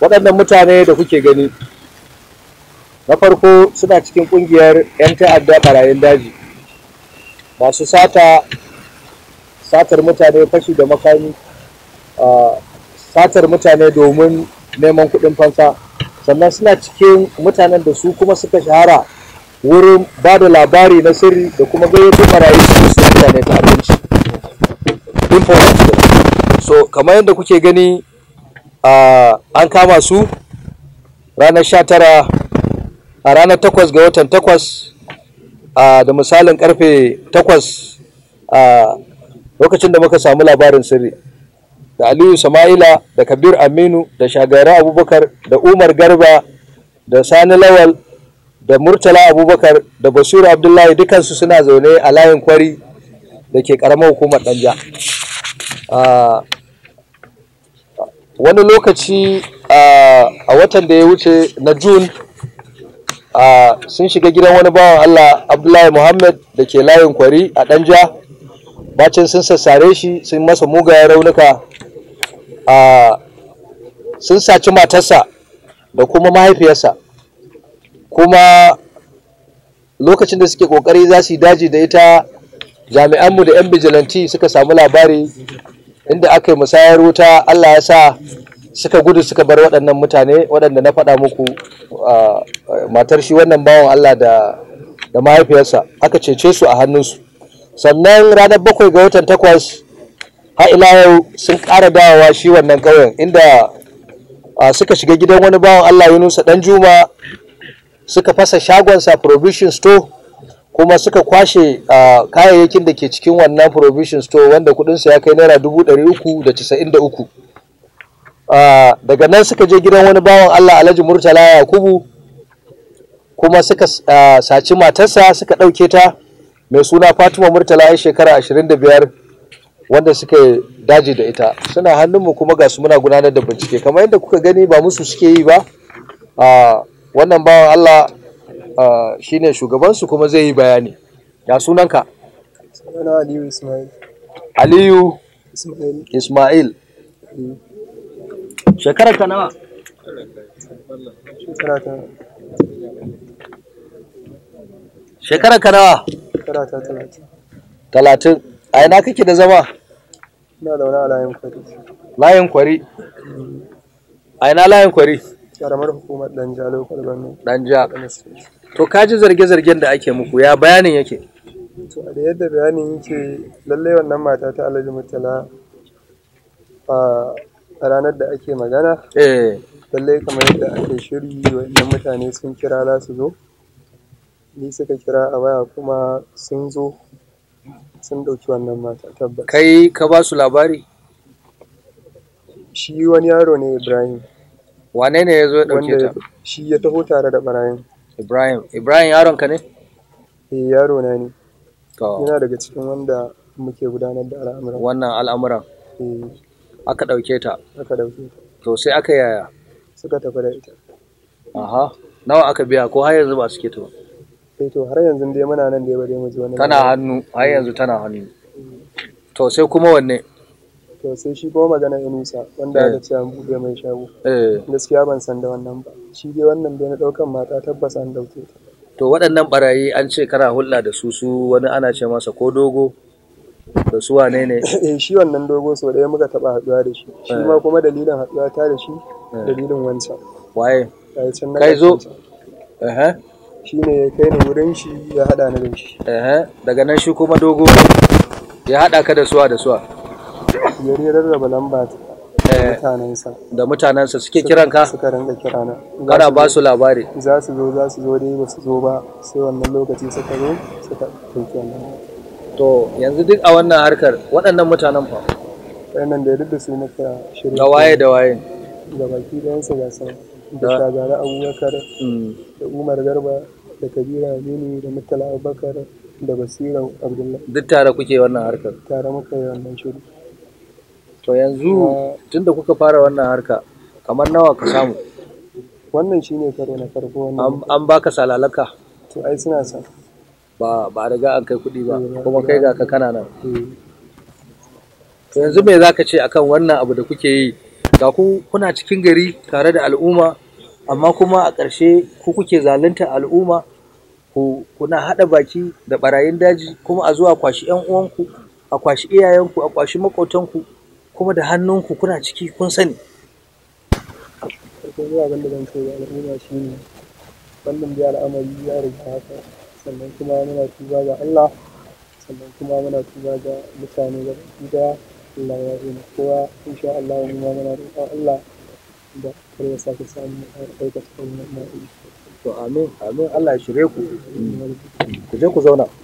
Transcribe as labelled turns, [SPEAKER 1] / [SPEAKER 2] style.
[SPEAKER 1] waɗannan mutane da kuke gani na farko suna cikin ƙungiyar 'yan ta'adda ɓarayin daji masu sata satar mutane fashi da makami satar mutane domin neman kuɗin fansa sannan suna cikin mutanen da su kuma suka shahara wurin ba da labari na sirri da kuma gayyato marayu su mutane ta abinci so kamar yadda kuke gani an kama su ranar 19 a ranar takwas ga watan 8 da misalin karfe takwas, a lokacin da muka samu labarin sirri da aliyu sama'ila da kabir aminu da shagari abubakar da umar garba da sani lawal da murtala abubakar da basiru abdullahi dukansu suna zaune a layin kwari da ke karamar hukumar danja wani lokaci a watan da ya wuce na Jun sun shiga gidan wani bawan allah abdullahi muhammad da ke layin kwari a danja bacin sun sassare shi sun masa mugayen raunuka sun saci matarsa da kuma mahaifiyarsa kuma lokacin da suke kokari za su yi daji da ita jami'anmu da 'yan bijilanti suka samu labari inda aka yi musayar wuta Allah ya sa suka gudu suka bar waɗannan mutane waɗanda na faɗa muku matar shi wannan bawan Allah da mahaifiyarsa aka cece su a hannunsu sannan ranar bakwai ga watan takwas har ila yau sun ƙara dawowa shi wannan ƙauyen inda suka shiga gidan wani bawan Allah Yunusa dan Juma suka fasa shagonsa provision store kuma suka kwashe kayayyakin da ke cikin wannan provision store wanda su ya kai naira dubu ɗari uku da casa'in da uku daga nan suka je gidan wani bawan allah alhaji murtala yakubu kuma suka saci matarsa suka ɗauke ta mai suna fatima murtala ya shekara ashirin da biyar wanda suka daji da ita suna hannunmu kuma ga su muna gudanar da bincike kamar yadda kuka gani ba musu suke yi ba wannan bawan allah Uh, shine shugabansu kuma zai yi bayani ya sunanka
[SPEAKER 2] aliyu ismail
[SPEAKER 1] aliyu ismail ismail shekarar ka nawa shekarar ka nawa talatin a ina kake da zama
[SPEAKER 2] ina da wani layin kwari
[SPEAKER 1] layin kwari
[SPEAKER 2] a ina layin kwari karamar hukumar danja local government danja
[SPEAKER 1] to kaji zarge-zargen da ake muku ya bayanin yake
[SPEAKER 2] to da yadda bayanin yake lalle wannan mata ta alhaji mutala a ranar da ake magana eh. lallai kamar yadda ake shiri wannan mutane sun kira za su zo ni suka kira a waya kuma sun zo sun ɗauki wannan mata tabbas kai ka ba su labari shi wani yaro ne ibrahim wane ne ya zo ya ɗauke ta shi ya taho tare da barayin Ibrahim Ibrahim yaron ka ne? Eh yaro na ne. To. Ina daga cikin wanda muke gudanar da al'amuran.
[SPEAKER 1] Wannan al'amuran. Eh. Aka dauke ta. Aka dauke
[SPEAKER 2] ta. To sai aka yaya? Suka tafi da ita.
[SPEAKER 1] Aha. Nawa aka biya ko har yanzu ba suke to?
[SPEAKER 2] Eh to har yanzu dai muna nan dai ba dai mu ji wani. Tana
[SPEAKER 1] hannu, har yanzu tana hannu. Eh. To sai kuma wanne?
[SPEAKER 2] to sai shi kuma magana ya nusa wanda aka eh. ce an buɗe mai shago eh. gaskiya ban san da wannan ba shi dai wannan bai na ɗaukan mata tabbas an ɗauke ta
[SPEAKER 1] to waɗannan barayi an ce kana hulɗa da su su wani ana ce masa ko dogo da su wane ne eh,
[SPEAKER 2] shi wannan dogo sau ɗaya muka taɓa haɗuwa da shi shi ma kuma dalilin haɗuwa ta da shi dalilin wancan waye kai zo shi ne ya kai ni wurin shi ya haɗa ni da shi daga nan shi kuma dogo
[SPEAKER 1] ya haɗa ka da suwa da suwa ya rarraba lamba eh, mutanensa da mutanensa suke kiran ka suka rinka kirana kana ba su
[SPEAKER 2] labari za su zo za su zo dai ba su zo ba sai wannan lokaci suka zo suka ɗauki wannan to yanzu duk a wannan harkar waɗannan mutanen fa waɗannan da ya da su maka shirin da waye da waye da baki da yansa ga sun da shagara abubakar mm. da umar garba da kabira aminu da mutala abubakar da basiran abdullahi
[SPEAKER 1] duk tare kuke wannan harkar
[SPEAKER 2] tare muka yi wannan shirin
[SPEAKER 1] to yanzu
[SPEAKER 2] tunda kuka fara
[SPEAKER 1] wannan harka kamar nawa ka samu wannan shi ne karo na farko an baka salalaka to ai suna sa ba ba riga an kai kuɗi ba eh, kuma kai ga ka kana nan eh. to yanzu me ka ce akan wannan abu da kuke yi ga ku kuna cikin gari tare da al'umma amma kuma a ƙarshe ku kuke zalunta al'umma ku kuna haɗa baki da ɓarayin daji kuma a zuwa kwashi 'yan uwanku a kwashi iyayenku a kwashi maƙotanku kuma da hannunku kuna ciki kun sani
[SPEAKER 2] farkon zuwa wanda zan ce al'umma shi ne wannan da al'amari ya riga haka sannan kuma muna tuba ga Allah sannan kuma muna tuba ga mutane da gida Allah ya yi kowa insha Allah mu ma muna roƙon Allah da kar ya sake samu aikata wannan ma'aikata
[SPEAKER 1] to amin amin Allah ya shirye ku ku je ku zauna